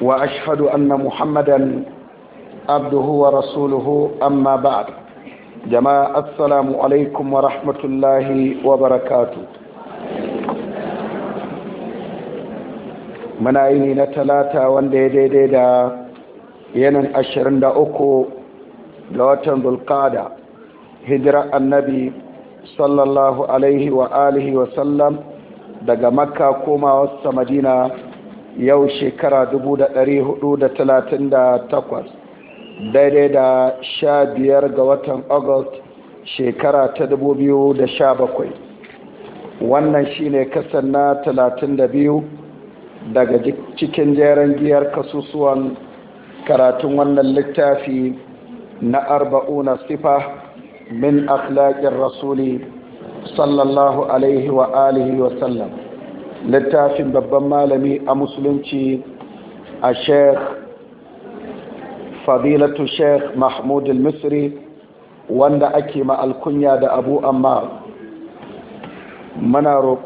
واشهد ان محمدا عبده ورسوله اما بعد جماعه السلام عليكم ورحمه الله وبركاته muna yini na talata wanda ya daidai da da uku da watan dulkada hijira annabi sallallahu alaihi wa alihi wa sallam daga makka komawarsa madina yau shekara 438 daidai da sha biyar ga watan august shekara ta 2017 wannan shine kasan na 32 daga cikin jeren giyar kasusuwan karatun wannan littafi na arba'una sifa min akhlaƙin rasuli sallallahu alaihi wa alihi wa sallam littafin babban malami a musulunci a shek fadilatu shek mahmud al-misri wanda ake ma'alkunya da abu ammar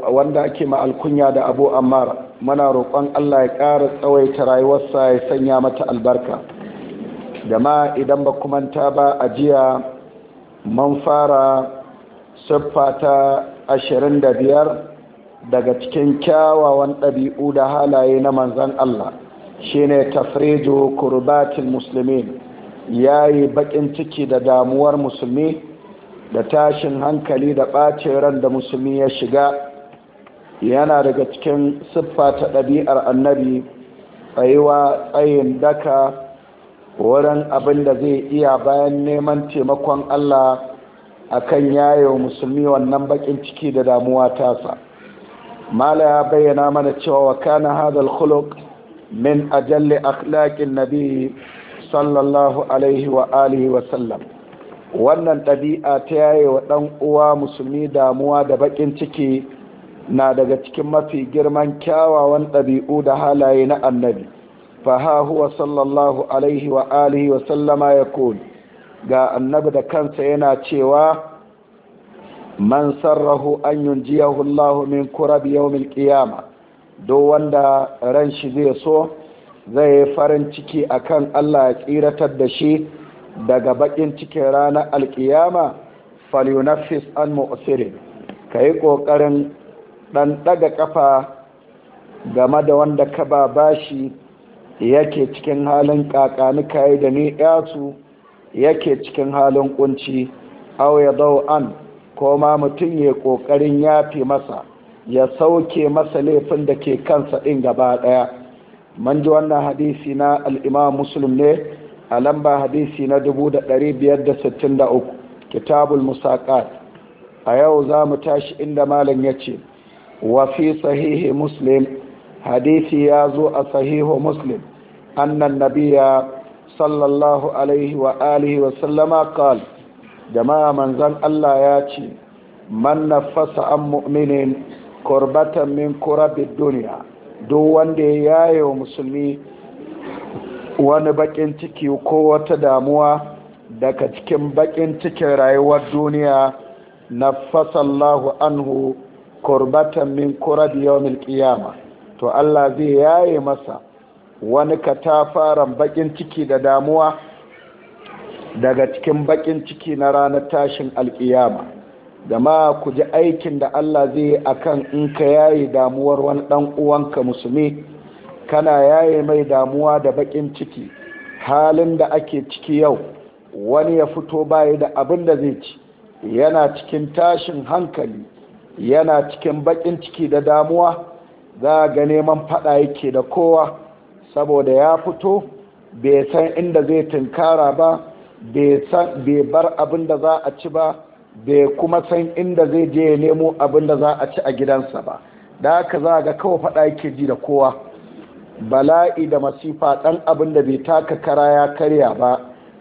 wanda ake ma'alkunya da abu ammar mana roƙon allah ya ƙara tsawaita rayuwarsa ya sanya mata albarka Da ma idan ba kumanta ba a jiya man fara siffa ta biyar. daga cikin kyawawan ɗabi'u da halaye na manzan Allah shine tafrejo kurbatil ya yayi baƙin ciki da damuwar musulmi da tashin hankali da ɓacin ran da musulmi ya shiga yana daga cikin siffa ta ɗabi'ar annabi tsayuwa tsayin daka wurin abin da zai iya bayan neman taimakon Allah akan yayo musulmi wannan baƙin ciki da damuwa tasa mala ya bayyana mana cewa wa kana hadal khuluq min ajalli akhlaqin nabi sallallahu alaihi wa alihi wa sallam wannan ɗabi'a ta yaye wa ɗan uwa musulmi damuwa da baƙin ciki na daga cikin mafi girman kyawawan ɗabi'u da halaye na annabi faha huwa sallallahu alaihi wa alihi wa sallama ya ga annabi da kansa yana cewa man sarrahu an yunjiyahu Allah min kurab yawmil qiyama do wanda ran shi zai so zai farin ciki akan Allah ya tsiratar da shi daga bakin cikin ranar alkiyama falyunaffis an mu'sirin kai kokarin dan daga kafa game da wanda ka ba bashi yake cikin halin kakani kai da ni yatsu yake cikin halin kunci aw ya an Koma mutum ya ƙoƙarin yafe masa ya sauke masa laifin da ke kansa ɗin gaba ɗaya man ji wannan hadisi na al'imam muslim ne a lamba hadisi na 563 kitabul Musaqat, a yau za mu tashi inda malam ya ce wafi sahihi muslim hadisi ya zo a sahihu muslim annan nabiya sallallahu alaihi wa alihi wa sallama jama'a manzan Allah ya ce man nafasa an mu'minin kurbatan min kurabin duniya duk wanda ya yaye wa musulmi wani bakin ciki ko wata damuwa daga cikin bakin cikin rayuwar duniya nafasa Allahu anhu kurbatan min kurabi yawmil qiyama to Allah zai yaye masa wani katafaren bakin ciki da damuwa daga cikin bakin ciki na ranar tashin alkiyama ma ku ji aikin da Allah zai yi akan in ka yaye damuwar wani dan uwanka musulmi kana yaye mai damuwa da bakin ciki halin da ake ciki yau wani ya fito baya da abin da zai ci yana cikin tashin hankali yana cikin bakin ciki da damuwa za ga neman fada yake da kowa saboda ya fito bai san inda zai tunkara ba bai bar abin da za a ci ba bai kuma san inda zai je ya nemo abin da za a ci a gidansa ba da haka za ga kawai faɗa yake ji da kowa bala'i da masifa ɗan abin da bai taka kara ya karya ba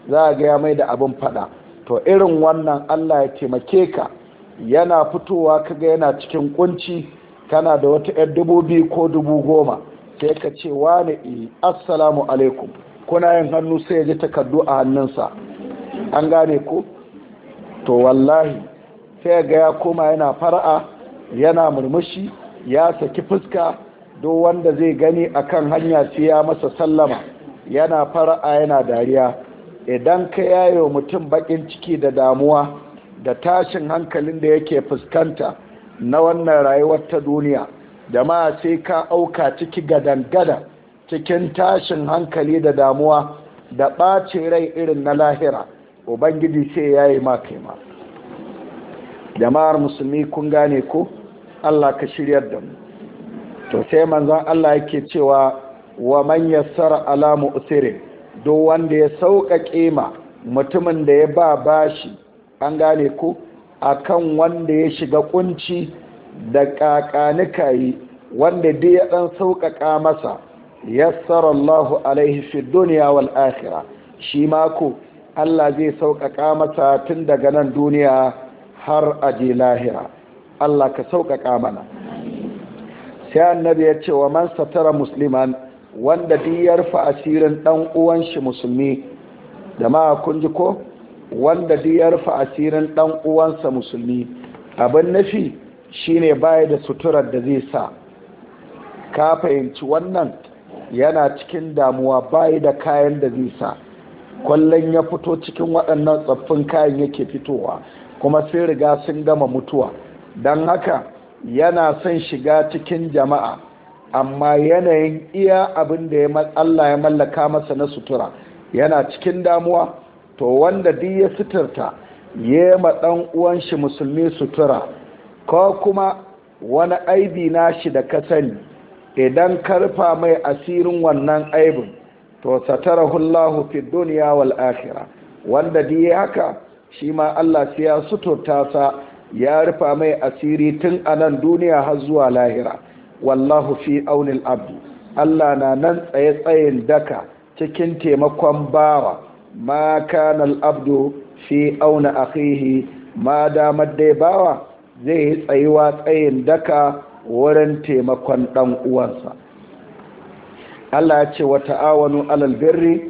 za a gaya mai da abin faɗa to irin wannan allah ya taimake ka yana fitowa kaga yana cikin kunci kana da wata 'yar dubu biyu ko dubu goma sai ka ce wane assalamu alaikum yin hannu sai ya ji takardu a hannunsa an gane ko to wallahi sai ga ya koma yana fara'a yana murmushi ya saki fuska do wanda zai gani a kan hanya sai ya masa sallama yana fara'a yana dariya idan ka yayo mutum bakin ciki da damuwa da tashin hankalin da yake fuskanta na wannan rayuwar ta duniya jama'a sai ka auka ciki gadan-gadan cikin tashin hankali da damuwa da ɓacin rai irin na lahira ubangiji sai ya yi makaima jama'ar musulmi kun gane ku? allah ka shiryar da mu to sai manzan allah yake cewa wa manyan yassara ala mu'sirin duk wanda ya sauƙaƙe ma mutumin da ya ba bashi an gane ko kan wanda ya shiga kunci da kakanika yi wanda dai ya dan sauƙaƙa masa yassara alaihi fi duniya wal akhirah shi mako Allah zai sauƙaƙa masa tun daga nan duniya har a je lahira Allah ka sauƙaƙa mana sai annabi ya ce wa man satara musliman wanda duk ya asirin dan uwan shi musulmi jama'a kun ji ko wanda duk ya asirin dan uwansa musulmi abin nafi shine baya da suturar da zai sa ka fahimci wannan yana cikin damuwa bayi da kayan da zai sa kwallon ya fito cikin waɗannan tsoffin kayan yake fitowa kuma sai riga sun gama mutuwa don haka yana son shiga cikin jama'a amma yanayin iya abin da Allah ya mallaka masa na sutura yana cikin damuwa to wanda duk ya suturta ya ma ɗan uwan shi musulmi sutura ko kuma wani aibi na shi da ka sani idan karfa mai asirin wannan aibin to satarahullahu fi duniya wal akhirah wanda di haka shi ma Allah sai ya sutota sa ya rufa mai asiri tun a nan duniya har zuwa lahira wallahu fi aunil abdi Allah na nan tsaye tsayin daka cikin taimakon bawa ma kana al abdu fi auna akhihi ma damar dai bawa zai yi tsayuwa tsayin daka wurin taimakon ɗan uwansa Allah ya ce wa ta'awanu alal birri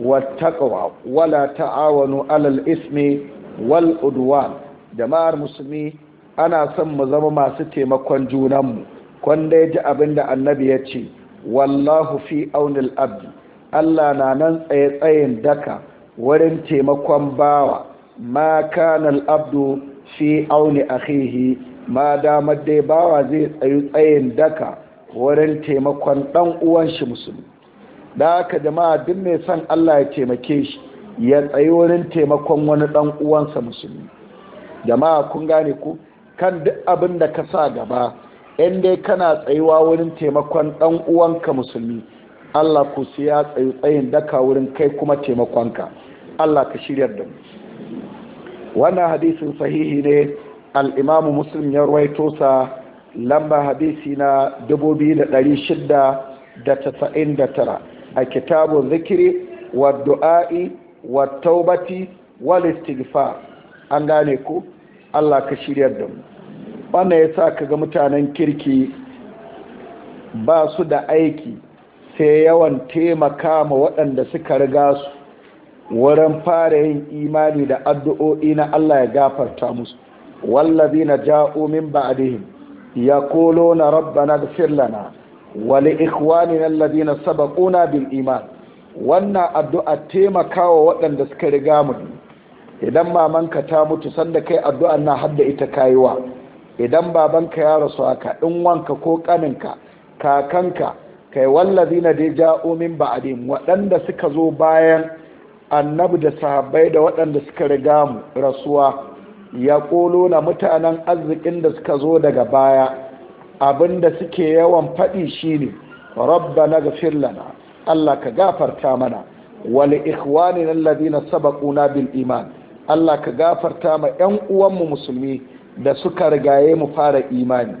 wa taqwa wala ta'awanu alal ismi wal udwan jama'ar musulmi ana son mu zama masu taimakon junanmu kun dai ji abinda annabi ya ce wallahu fi aunil abdi Allah na nan tsaye tsayin daka wurin taimakon bawa ma kana abdu fi auni akhihi ma damar dai bawa zai tsayi tsayin daka wurin taimakon dan uwan shi musulmi da haka jama'a duk mai son Allah ya taimake shi ya tsayi wurin taimakon wani ɗan uwansa musulmi jama'a kun gane ku kan duk abin da ka sa gaba in dai kana tsayuwa wurin taimakon ɗan'uwanka uwanka musulmi Allah ku sai ya tsayi tsayin daka wurin kai kuma taimakonka Allah ka shiryar da mu wannan hadisin sahihi ne al'imamu muslim ya ruwaito sa lamba hadisi na 2699 a kitabun zikiri wa du'a'i wa taubati wa istighfar an gane ku Allah ka shirya da mu wannan ya sa ka ga mutanen kirki ba su da aiki sai yawan taimaka ma waɗanda suka riga su wurin fara yin imani da addu'o'i na Allah ya gafarta musu Wallazi na والذين جاءوا من بعدهم يقولون ربنا اغفر لنا ولإخواننا الذين bin iman. wannan addu'a taimakawa waɗanda suka riga mu idan mamanka ta mutu sanda kai addu'an na hadda ita kayiwa idan babanka ya rasu a in wanka ko kaninka kakanka kai wallazi na ja'u min ba'din waɗanda suka zo bayan annabi da sahabbai da waɗanda suka riga mu rasuwa ya ƙolo na mutanen arzikin da suka zo daga baya abinda suke yawan faɗi shine rabba na gafir lana Allah ka gafarta mana Wani wali na alladina sabaquna bil iman Allah ka gafarta ma 'yan uwanmu musulmi da suka rigaye mu fara imani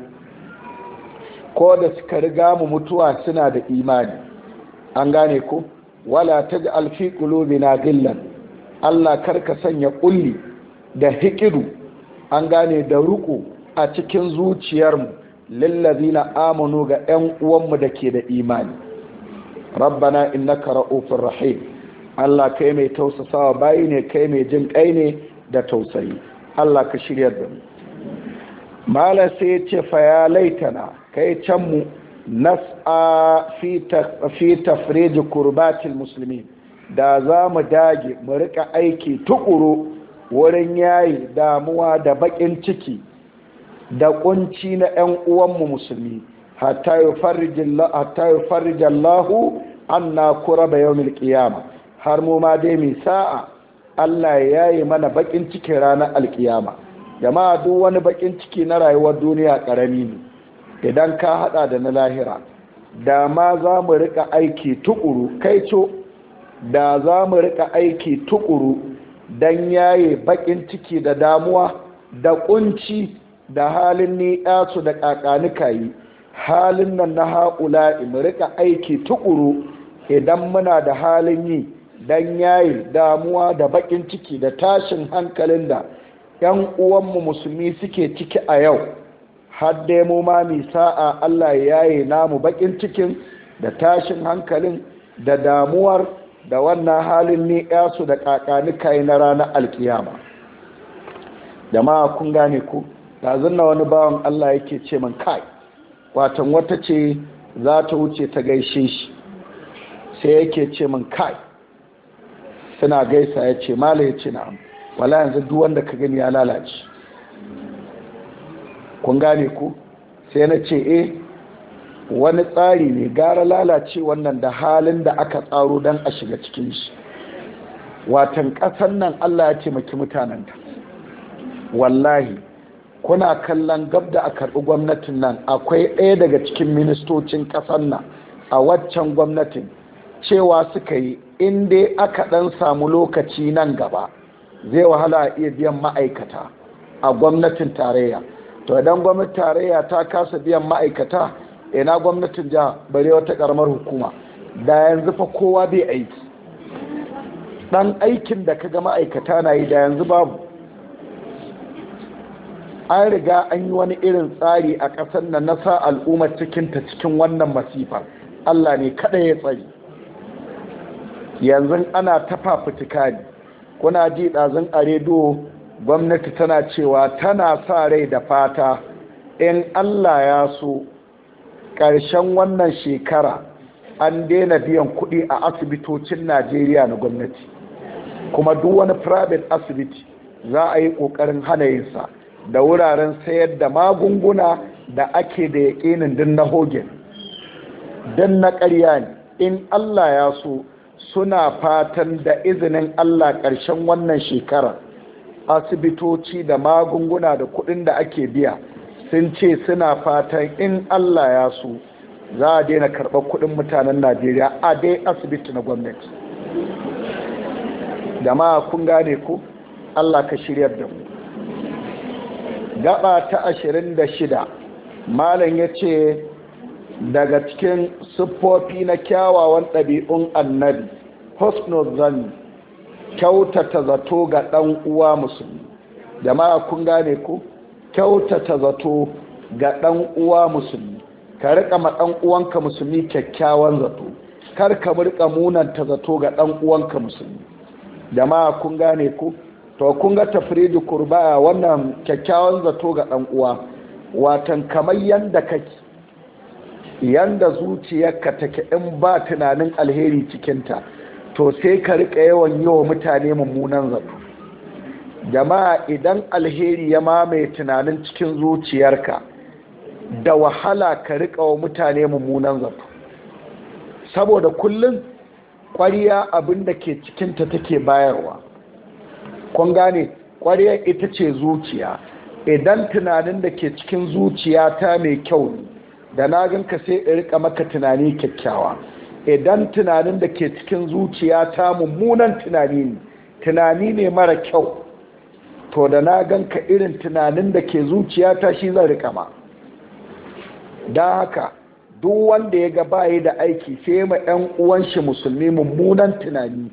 ko da suka riga mu mutuwa suna da imani an gane ku? wala ta ji alfi fi na gillan. Allah karka sanya ƙulli. da hikidu an gane da ruku a cikin zuciyarmu na amanu ga 'yan uwanmu da ke da imani rabbana innaka ra'ufur rahim Allah kai mai tausasawa bayi ne kai mai jin kai ne da tausayi Allah ka shirya da mu mala sai ya ce fa ya laitana kai can mu nas'a fi tafrij kurbatil muslimin da za mu dage mu rika aiki tukuru wurin yayi damuwa da bakin ciki da kunci na 'yan uwanmu musulmi hatta yi farijallahu an na kura da yawon har mu ma dai mai sa'a allah ya yi mana bakin ciki ranar alkiyama jama'a duk wani bakin ciki na rayuwar duniya karami ne idan ka hada da na lahira da ma za mu rika aiki tukuru kai co da za mu rika aiki tukuru Dan yaye bakin ciki da damuwa da kunci da halin ni'yasu da kakanika yi halin nan na haƙula mu rika aiki tukuru idan muna da halin yi dan yaye damuwa da bakin ciki da tashin hankalin da 'yan uwanmu musulmi suke ciki a yau har dai mu ma mi sa'a Allah ya yaye namu bakin cikin da tashin hankalin da damuwar da wannan halin ni yasu da kakani kai na ranar alkiyama jama'a kun gane ku ɗazun na wani bawan Allah yake ce min kai watan wata ce za ta wuce ta gaishe shi sai yake ce min kai suna gaisa ya ce mala ya ce na wala yanzu duk wanda ka gani ya lalace kun gane ku sai na ce eh wani tsari ne gara lalace wannan da halin da aka tsaro don a shiga cikin shi watan ƙasan nan allah ya taimaki mutanen ta. wallahi kuna kallon gab da a karɓi gwamnatin nan akwai ɗaya daga cikin ministocin ƙasan nan a waccan gwamnatin cewa suka yi in dai aka ɗan samu lokaci nan gaba zai wahala a iya biyan ma'aikata a gwamnatin tarayya to idan gwamnatin tarayya ta kasa biyan ma'aikata ina gwamnatin jiha bare wata karamar hukuma da yanzu fa kowa bai aiki dan aikin da kaga ma'aikata na yi da yanzu babu an riga an yi wani irin tsari a ƙasar na nasa al'ummar cikinta cikin wannan masifar allah ne kada ya tsari yanzu ana tafa fitika ne kuna ji ɗazin a rediyo gwamnati tana cewa tana sa rai da fata in allah ya so ƙarshen wannan shekara an daina biyan kuɗi a asibitocin najeriya na gwamnati kuma duk wani private asibiti za a yi ƙoƙarin hana yinsa da wuraren sayar da magunguna da ake da yaƙinin din na hogen don na ƙarya ne in allah ya so suna fatan da izinin allah ƙarshen wannan shekara asibitoci da magunguna da kuɗin da ake biya sun ce suna fatan in allah ya su za a daina karɓar kuɗin mutanen najeriya a dai asibiti na gwamnati Da ma kun gane ku allah ka shirya da mu gaba ta ashirin da shida malam ya ce daga cikin siffofi na kyawawan ɗabi'un annabi hosnozan kyautata zato ga ɗan uwa musulmi jama'a kun gane ku kyautata zato ga ɗan uwa musulmi ka riƙa ma ɗan uwanka musulmi kyakkyawan zato kar ka riƙa munanta zato ga ɗan uwanka musulmi jama'a kun gane ku to kun ga tafridu kurba wannan kyakkyawan zato ga ɗan uwa watan kamar yanda kake yanda zuciyarka take in ba tunanin alheri cikinta to sai ka riƙa yawan yi wa mutane mummunan zato jama'a idan alheri ya mamaye tunanin cikin zuciyarka da wahala ka rika wa mutane mummunan zato saboda kullum ƙwariya abinda ke cikinta take bayarwa kun gane ƙwariyar ita ce zuciya idan tunanin da ke cikin zuciya ta mai kyau da na ganka sai in rika maka tunani kyakkyawa idan tunanin da ke cikin zuciya ta mummunan tunani ne tunani ne mara kyau to da na ganka irin tunanin da ke zuciya ta shi zan rika ma don haka duk wanda ya ga yi da aiki sai ma 'yan uwan shi musulmi mummunan tunani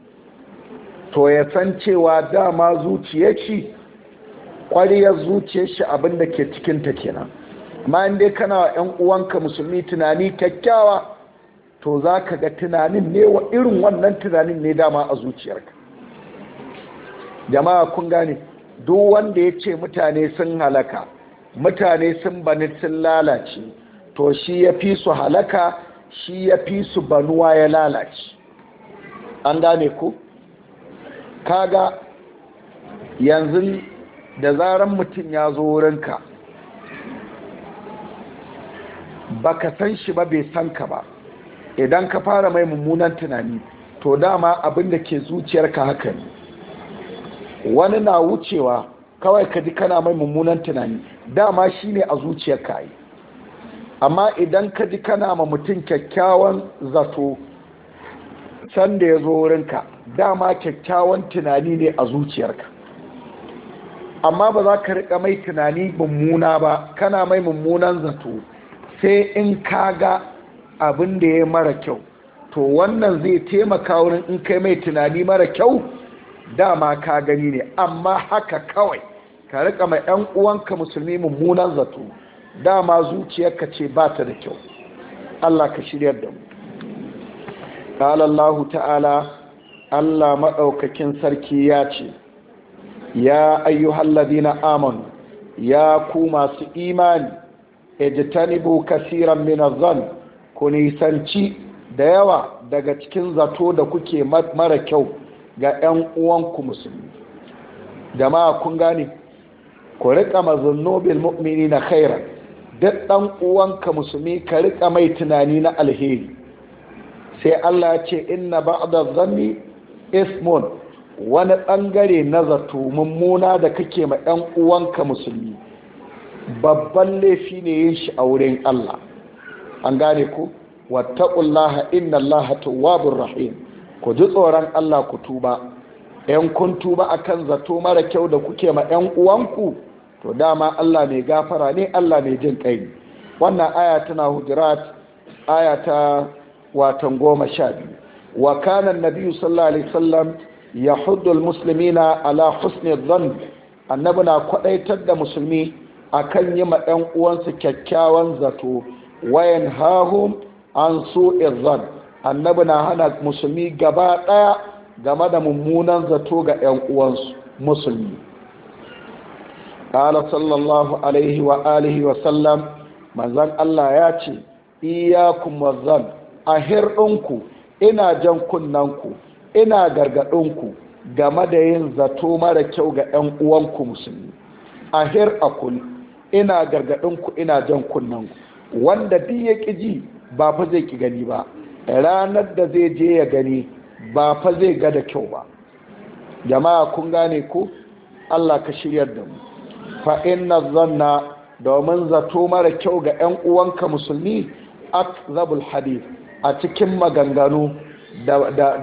to ya san cewa dama zuciyar shi kwariyar zuciyar shi abinda ke ke cikinta kenan amma in dai kana wa 'yan uwanka musulmi tunani kyakkyawa to za ka ga tunanin ne wa irin wannan tunanin ne dama a zuciyarka jama'a kun gane duk wanda ya ce mutane sun halaka mutane sun bani sun lalace to shi ya fi su halaka shi ya fi su banuwa ya lalace an gane ku kaga yanzu da zaran mutum ya zo wurinka baka san shi ba bai san ka ba idan ka fara mai mummunan tunani to dama abin da ke zuciyarka haka ne wani na wucewa kawai ka ji kana mai mummunan tunani dama shine a zuciyar ka yi amma idan ka ji kana ma mutum kyakkyawan zato sanda ya zo wurinka dama kyakkyawan tunani ne a zuciyarka amma ba za ka riƙa mai tunani mummuna ba kana mai mummunan zato sai in ka ga abin da ya mara kyau to wannan zai taimaka wurin in kai mai tunani mara kyau dama ka gani ne amma haka kawai ka rika mai yan uwanka musulmi mummunan zato dama zuciyarka ce ba ta da kyau Allah ka shiryar da mu qala Allah ta'ala Allah madaukakin sarki ya ce ya na amanu ya ku masu imani ijtanibu kaseeran min adh-dhann ku nisanci da yawa daga cikin zato da kuke mara kyau ga 'yan uwanku musulmi da ma kun gane ku rika mazunno mu'mini na khaira duk ɗan uwanka musulmi ka riƙa mai tunani na alheri sai Allah ce inna ba'da zanni ismon wani ɓangare na zato mummuna da kake ma 'yan uwanka musulmi babban laifi ne yin shi a wurin Allah an gane ku ƙullaha inna Allaha tawwabur rahim ku ji tsoron Allah ku tuba ‘yan kun tuba akan zato mara kyau da kuke ma ‘yan uwanku to dama Allah mai gafara ne Allah mai jin ƙai wannan aya tana hujurat aya ta watan goma sha biyu wa kanan nabi sallallahu alaihi wasallam ya musulmi muslimina ala husni dhann annabi na kwadaitar da musulmi akan yi ma 'yan uwansu kyakkyawan zato wayan hahum an annabi na hana musulmi gaba ɗaya game da mummunan zato ga 'yan uwansu musulmi ƙala sallallahu alaihi wa alihi wa sallam manzan allah ya ce iyakun mazan a hirɗinku ina jan kunnanku ina gargaɗinku game da yin zato mara kyau ga 'yan uwanku musulmi a hir ina gargaɗinku ina jan kunnanku wanda duk ya ƙi ji ba fa zai ƙi gani ba ranar da zai je ya gani ba fa zai ga da kyau ba jama'a kun gane ku? Allah ka shiryar da mu fa inna zanna domin zato mara kyau ga 'yan uwanka musulmi akzabul hadith a cikin maganganu da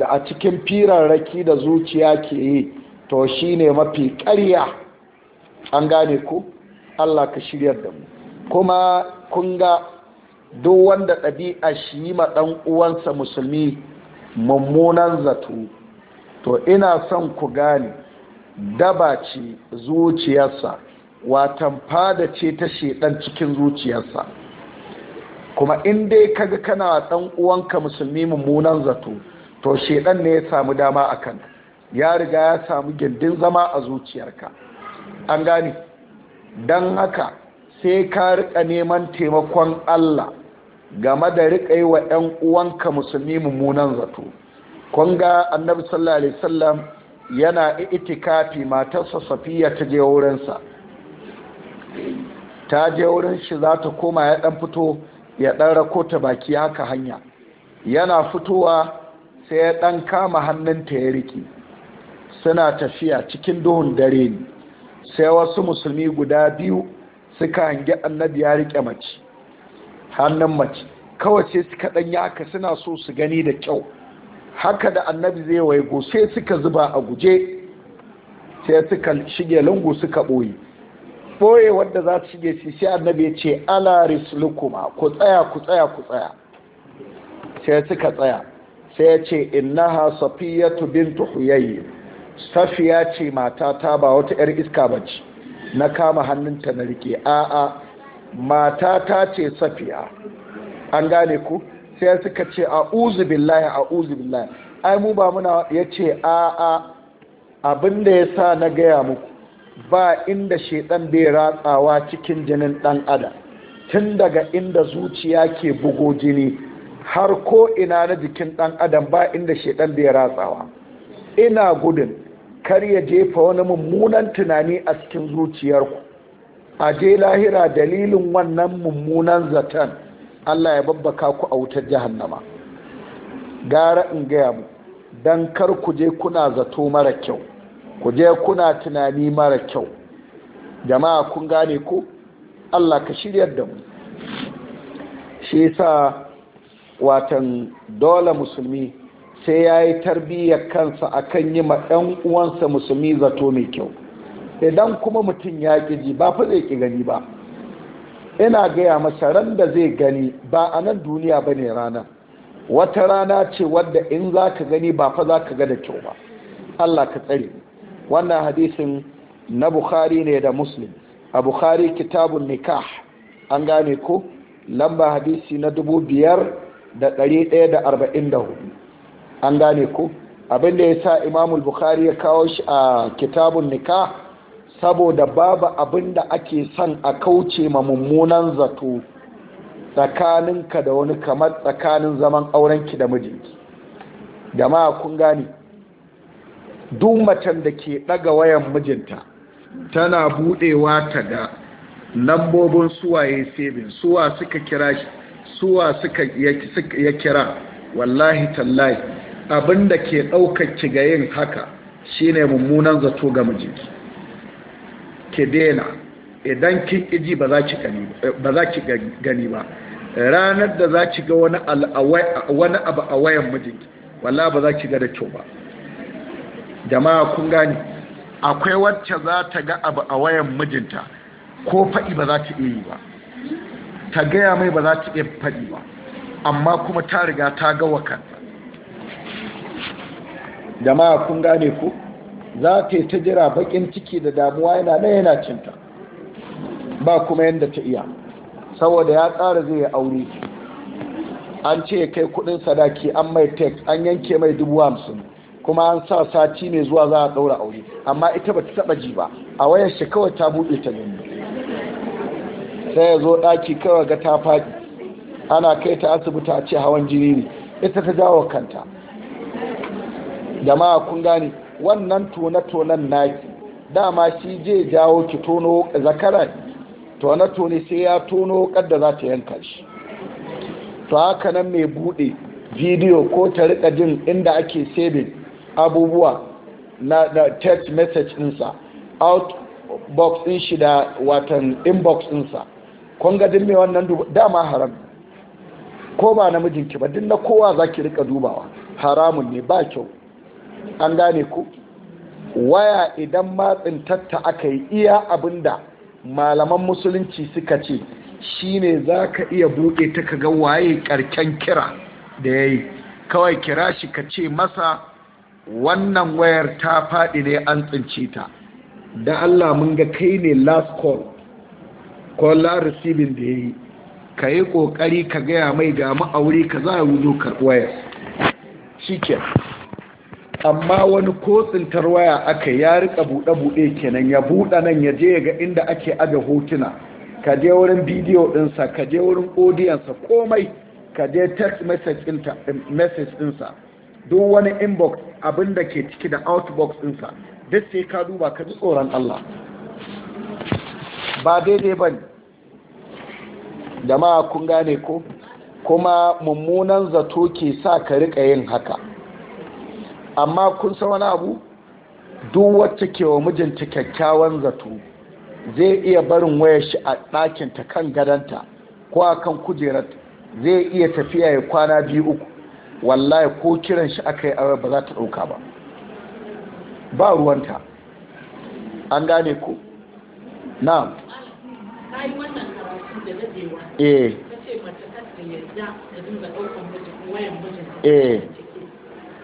a cikin firarraki da zuciya ke yi to shine mafi ƙarya an gane ku? Allah ka shiryar da mu kuma kun ga duk wanda ɗabi'a shi yi ma ɗan uwansa musulmi mummunan zato to ina son ku gane daba ce zuciyarsa watan fada ce ta shedan cikin zuciyarsa kuma in dai kaga kana ɗan uwanka musulmi mummunan zato to shedan ne ya samu dama a kan ya riga ya samu gindin zama a zuciyarka an gane don haka sai ka rika neman taimakon Allah game da riƙa wa 'yan uwanka musulmi mummunan zato kun annabi sallallahu alaihi wasallam yana itikafi matarsa safiya ta je wurinsa ta je wurin shi za ta koma ya ɗan fito ya ɗan rako ta baki haka hanya yana fitowa sai ya ɗan kama hannunta ya riƙe. suna tafiya cikin duhun dare ne sai wasu musulmi guda biyu suka hangi annabi ya riƙe mace hannun mace kawai sai suka ɗan yaka suna so su gani da kyau haka da annabi zai waigo sai suka zuba a guje sai suka shige lungu suka ɓoye ɓoye wadda za su shige shi sai annabi ya ce ala rislukuma ku tsaya ku tsaya ku tsaya sai suka tsaya sai ya ce innaha safiyatu bintu huyayyi safiya ce mata ta ba wata yar iska ba bace na kama hannunta na rike a'a mata ta ce safiya an gane ku sai suka ce a uzu billahi a uzu billahi ai mu ba muna ya ce a a abinda ya sa na gaya muku ba inda shaidan bai ratsawa cikin jinin dan adam tun daga inda zuciya ke bugo jini har ko ina na jikin dan adam ba inda shaidan bai ratsawa ina gudun kar ya jefa wani mummunan tunani a cikin zuciyarku aje lahira dalilin wannan mummunan zaton allah ya babbaka ku a wutar jahannama gara in gaya mu don kar ku je kuna zato mara kyau ku je kuna tunani mara kyau jama'a kun gane ku, allah ka shiryar da mu shi sa watan dole musulmi sai ya yi tarbiyyar kansa akan yi ma 'yan uwansa musulmi zato mai kyau idan kuma mutum ya ji ba fa zai ki gani ba ina gaya masa ran da zai gani ba a nan duniya ba ne rana wata rana ce wadda in za ka gani ba fa za ka ga da kyau ba allah ka tsare wannan hadisin na bukhari ne da muslim a bukhari kitabun nikah an gane ko lamba hadisi na dubu biyar da ɗari ɗaya da arba'in da hudu an gane ko abinda ya sa imamul bukhari ya kawo shi a kitabun nikah saboda babu abin da ake son a kauce ma mummunan zato tsakaninka da wani kamar tsakanin zaman aurenki da mijinki da ma kun gane duk da ke ɗaga wayan mijinta tana buɗewa ta ga lambobin suwaye sebin suwa suka kira suwa suka ya kira wallahi tallahi abinda ke ɗaukar ki yin haka shine mummunan zato ga mijinki ke dena idan kin iji ba za ki eh, gani ba ranar da za ki ga wani abu a wayan mijinki walla ba za ki ga da kyau ba jama'a kun gani akwai wacce za ta ga abu a wayan mijinta ko faɗi ba za ta iya yi ba ta gaya mai ba za ta iya faɗi ba amma kuma ta riga ta ga wakanta jama'a kun gane ku za ta yi ta jira bakin ciki da damuwa yana nan yana cinta ba kuma yadda ta iya saboda ya tsara zai aure an ce kai kudin sadaki an mai tek an yanke mai dubu hamsin kuma an sa sati mai zuwa za a daura aure amma ita ba ta taɓa ji ba a wayar shi kawai ta buɗe ta gani sai ya zo ɗaki kawai ga ta faɗi ana kai ta asibiti a ce hawan jini ne ita ta jawo kanta jama'a kun gane wannan tone-tonen naki dama shi je jawo ki tono zakara tone-tone sai ya tono kadda za ta yanka shi to haka nan mai bude bidiyo ko ta rika jin inda ake saving abubuwa na text message ɗinsa outbox ɗin shi da watan inbox ɗinsa kun ga mai wannan dama haram ko ba namijinki ba duk na kowa za ki rika dubawa haramun ne ba kyau an gane ku waya idan matsin tatta aka yi iya abinda malaman musulunci suka ce shine za ka iya buɗe ta ka ga waye karken kira da ya yi kawai kira shi ka ce masa wannan wayar ta faɗi ne an tsinci ta da Allah mun ga kai ne last call call la receiving da ya yi. ka yi ƙoƙari ka gaya mai ga ma'auri ka za a wuzo karɓuwa wayar shi amma wani kotsintar waya aka ya rika buɗe-buɗe kenan ya buɗe nan ya je ga inda ake aga hotuna ka je wurin bidiyo dinsa, ka je wurin odiyansa komai ka je text message dinsa, duk wani inbox abinda ke ciki da outbox dinsa, duk sai ka duba ka ji tsoron Allah ba daidai ba ne jama'a kun gane ko kuma mummunan zato ke sa ka rika yin haka amma kun san wani abu duk wacce ke wa mijinta kyakkyawan zato zai iya barin waya shi a ɗakinta kan gadanta ko a kan kujerar zai iya tafiya ya kwana biyu uku wallahi ko kiran shi aka yi a ba za ta ɗauka ba ba ruwanta an gane ku na eh eh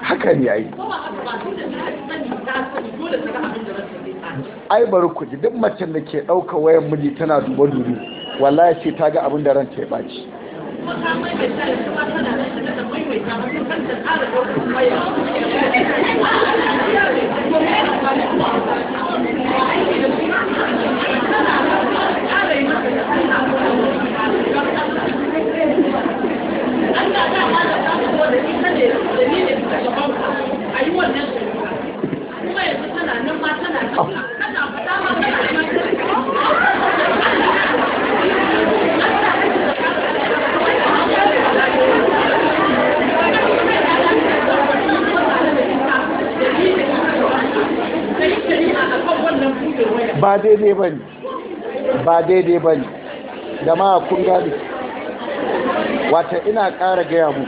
haka ne ai ai bari ku ji duk macen da ke ɗauka wayan miji tana duba dubi wallahi ce ta ga abin da ranta ya baci daidai ba ne ba daidai ba ne da ma kun gane wata ina ƙara gaya mu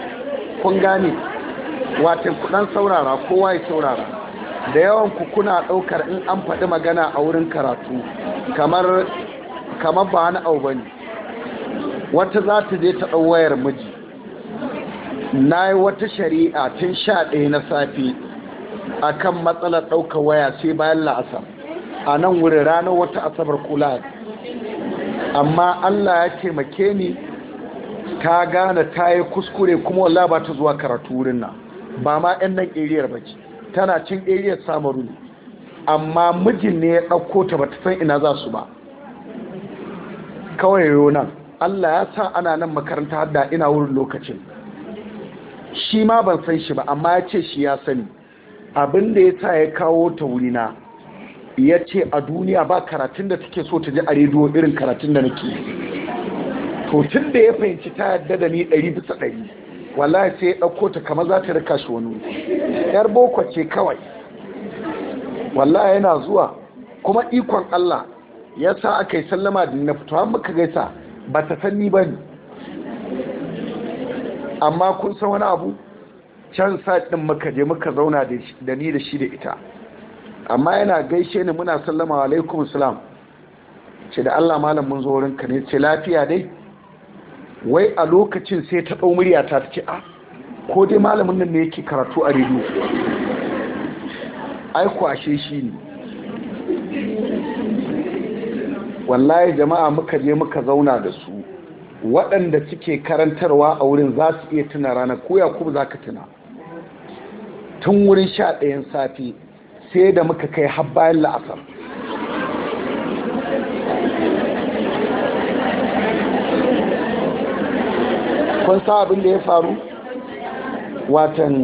kun gane wata kudan saurara kowa ya saurara da yawan ku kuna ɗaukar in an faɗi magana a wurin karatu kamar kamar ba wani abu ne. wata za ta je ta ɗau wayar miji na yi wata shari'a tun sha ɗaya na safe akan matsalar ɗaukar waya sai bayan la'asar a nan wurin ranar wata asabar kula amma allah ya taimake ni ta gane ta yi kuskure kuma wala ba ta zuwa karatu wurin nan ba ma yan nan eriyar ba ce tana cin eriyar samaru ne amma mijin ne ya ɗauko ta ba ta san ina za su ba kawai yau nan allah ya sa ana nan makaranta hadda ina wurin lokacin shi ma ban san shi ba amma ya ce shi ya sani abin da ya sa ya kawo ta wurina ya ce a duniya ba karatun da take so ta ji a rediyo irin karatun da nake to tun da ya fahimci ta yadda da ni ɗari bisa ɗari wallahi sai ya ɗauko ta kama za ta rika shi wani yar boko ce kawai wallahi yana zuwa kuma ikon Allah ya sa aka yi sallama da na fito an muka gaisa ba ta san ba ne amma kun san wani abu can sa ɗin muka je muka zauna da ni da shi da ita amma yana gaishe ni muna sallama alaikum salam ce da Allah malam mun zo wurinka ne ce lafiya dai wai a lokacin sai ta ɗau murya ta ce a ah, ko dai malamin nan ne yake karatu a rediyo ai kwashe shi ne wallahi jama'a muka je muka zauna da su waɗanda suke karantarwa a wurin za su iya tuna rana, ko yakubu za ka tuna tun wurin sha ɗayan safe sai da muka kai har bayan la'asar kun sa abin da ya faru watan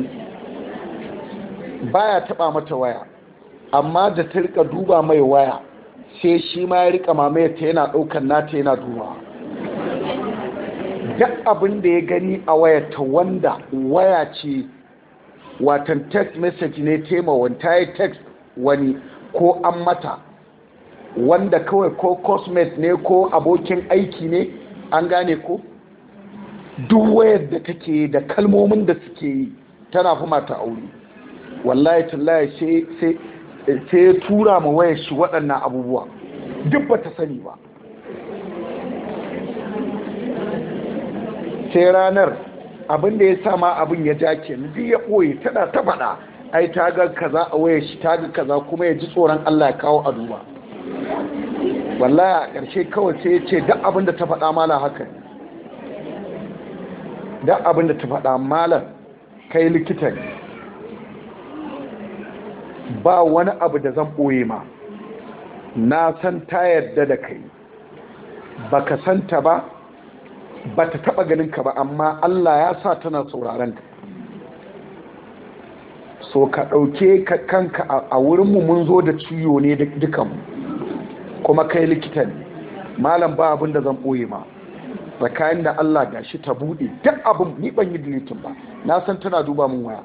baya taba mata waya amma da ta rika duba mai waya sai shi ma ya rika mamaya ta yana daukan nata yana duba duk abin da ya gani a wayata wanda waya ce watan text message ne tema wanta ya text wani ko an mata wanda kawai ko cosmet ne ko abokin aiki ne an gane ko duk wayar da take da kalmomin da suke yi tana kuma ta aure wallahi tallahi sai ya tura ma wayar shi waɗannan abubuwa duk ba ta sani ba sai ranar abin da ya sa ma abin ya ja ke duk ya ɓoye tana ta faɗa ai ta ga kaza a waya shi ta ga kaza kuma ya ji tsoron Allah ya kawo a duba wallahi a ƙarshe kawai sai ya ce duk abin da ta faɗa mala haka duk abin da ta faɗa malam kai likita ne ba wani abu da zan ɓoye ma na san ta yarda da kai baka santa ba ba ta taɓa ganin ka ba amma Allah ya sa tana sauraron ka so ka ɗauke kanka a wurinmu mun zo da ciwo ne dukanmu kuma kai likita ne malam ba abin zan ɓoye ma tsakanin da Allah ga shi ta buɗe duk abin ni ban yi dilitin ba na san tana duba mun waya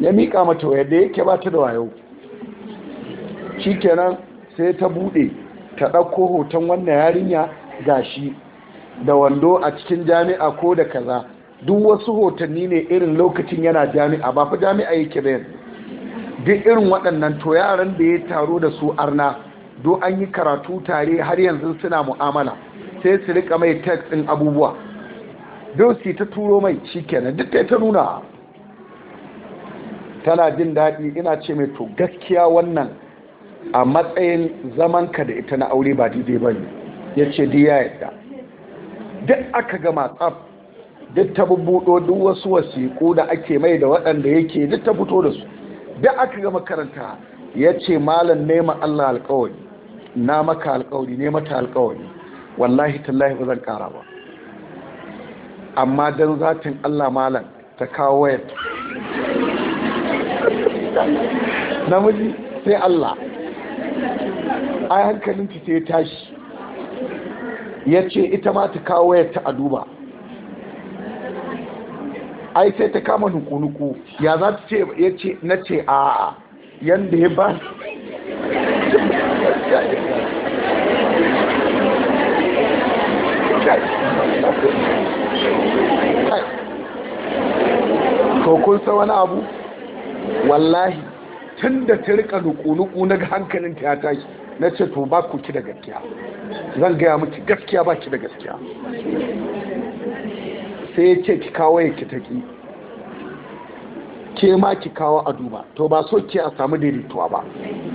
ya miƙa mata waya da yake ba ta da wayo shikenan sai ta buɗe ta ɗauko hoton wannan yarinya gashi da wando a cikin jami'a ko da kaza duk wasu hotanni ne irin lokacin yana jami'a ba fa jami'a yake ba yanzu duk irin waɗannan to yaran da ya taro da su arna do an yi karatu tare har yanzu suna mu'amala sai su rika mai text din abubuwa dosi ta turo mai shikenan duk ta ta nuna tana jin daɗi ina ce mai to gaskiya wannan a matsayin zamanka da ita na aure ba daidai ba ne ya ce di ya yadda duk aka gama tsaf duk ta bubuɗo duk wasu wasiƙu da ake mai da waɗanda yake duk ta fito da su duk aka gama karanta ya ce malam nema allah alkawari na maka alkawari ne mata alkawari wallahi tallahi ba zan kara ba amma don zatin allah malam ta kawo wayar namiji sai allah a hankalin ta sai tashi ya ce ita ma ta kawo wayarta a duba ai sai ta kama nuku-nuku ya za ta ce ya ce na ce a yadda ya ba to kun sa wani abu wallahi tun da ta rika nuku-nuku na ta ya tashi na ce to ba ku ki da gaskiya zan gaya miki gaskiya ba ki da gaskiya sai ya ce ki kawo ya ki taƙi ke ma ki kawo a duba to ba so ki a samu daidaituwa ba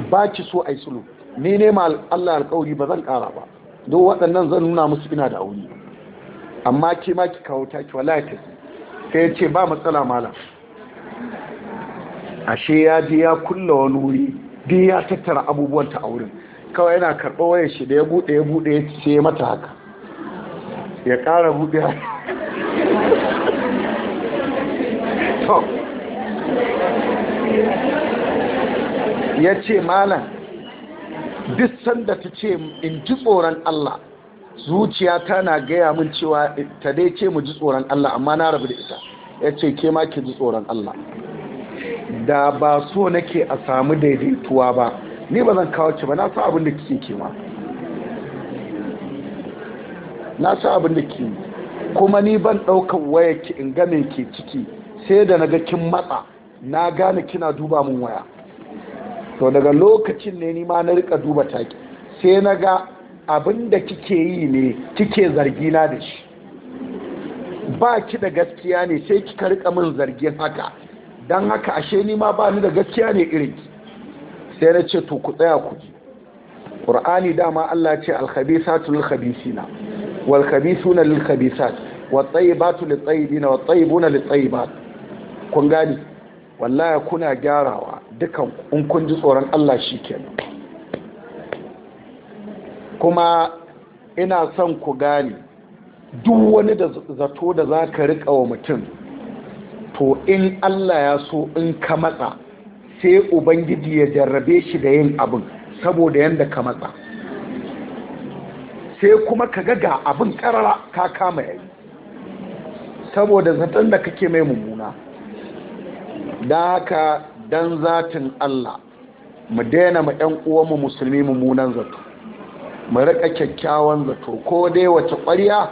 ba ki so a yi sulu ni ne ma Allah alƙawari ba zan ƙara ba don waɗannan zan nuna musu ina da aure amma ke ma ki kawo taki wallahi ta sai ya ce ba matsala malam ashe ya je ya kulla wani wuri duk ya tattara abubuwan ta a wurin kawai yana karɓo waye shi da ya buɗe ya buɗe ya ce mata haka ya ƙara buɗe ya ce malam duk sanda ta ce in ji tsoron Allah zuciya ta na gaya min cewa ta dai ce mu ji tsoron Allah amma na rabu da ita ya ce ke ma ki ji tsoron Allah da ba so nake a samu daidaituwa ba ni ba zan kawo ki ba na sa abin da kike kima na sa abin da kike kuma ni ban ɗaukar waya ki in game ke ciki sai da naga kin matsa na gane kina duba min waya to daga lokacin ne ni ma na rika duba taki sai na abin da kike yi ne kike zargi na da shi ba ki da gaskiya ne sai kika rika min zargin haka don haka ashe ni ma ba ni da gaskiya ne irinki sai na ce to ku tsaya ku ji ƙur'ani dama Allah ce al-khabisatu lil-khabisina wal-khabisuna lil-khabisat wat-tayyibatu lit-tayyibina wat-tayyibuna lit-tayyibat kun gani wallahi kuna gyarawa dukan in kun ji tsoron Allah shikenan kuma ina son ku gani duk wani da zato da zaka rika wa mutum to in Allah ya so in ka matsa sai ubangiji ya jarrabe shi da yin abin saboda yadda ka matsa sai kuma ka gaga abin karara ka kama yayi saboda zaton da kake mai mummuna da haka dan zatin Allah mu daina mu 'yan uwanmu musulmi mummunan zato mu riƙa kyakkyawan zato ko dai wace ƙwarya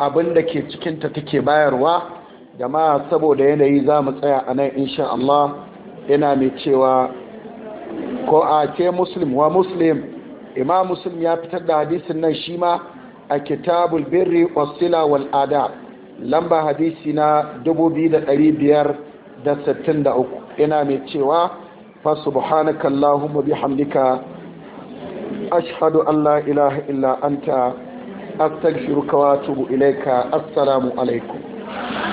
abin da ke cikinta take bayarwa jama'a saboda yanayi za mu tsaya a nan insha Allah yana mai cewa ko a ke muslim wa muslim imam muslim ya fitar da hadisin nan shi ma a kitabul birri wasila wal ada lamba hadisi na 2563 ina mai cewa fa subhanaka allahumma bihamdika ashhadu an la ilaha illa anta astaghfiruka wa atubu ilayka assalamu alaikum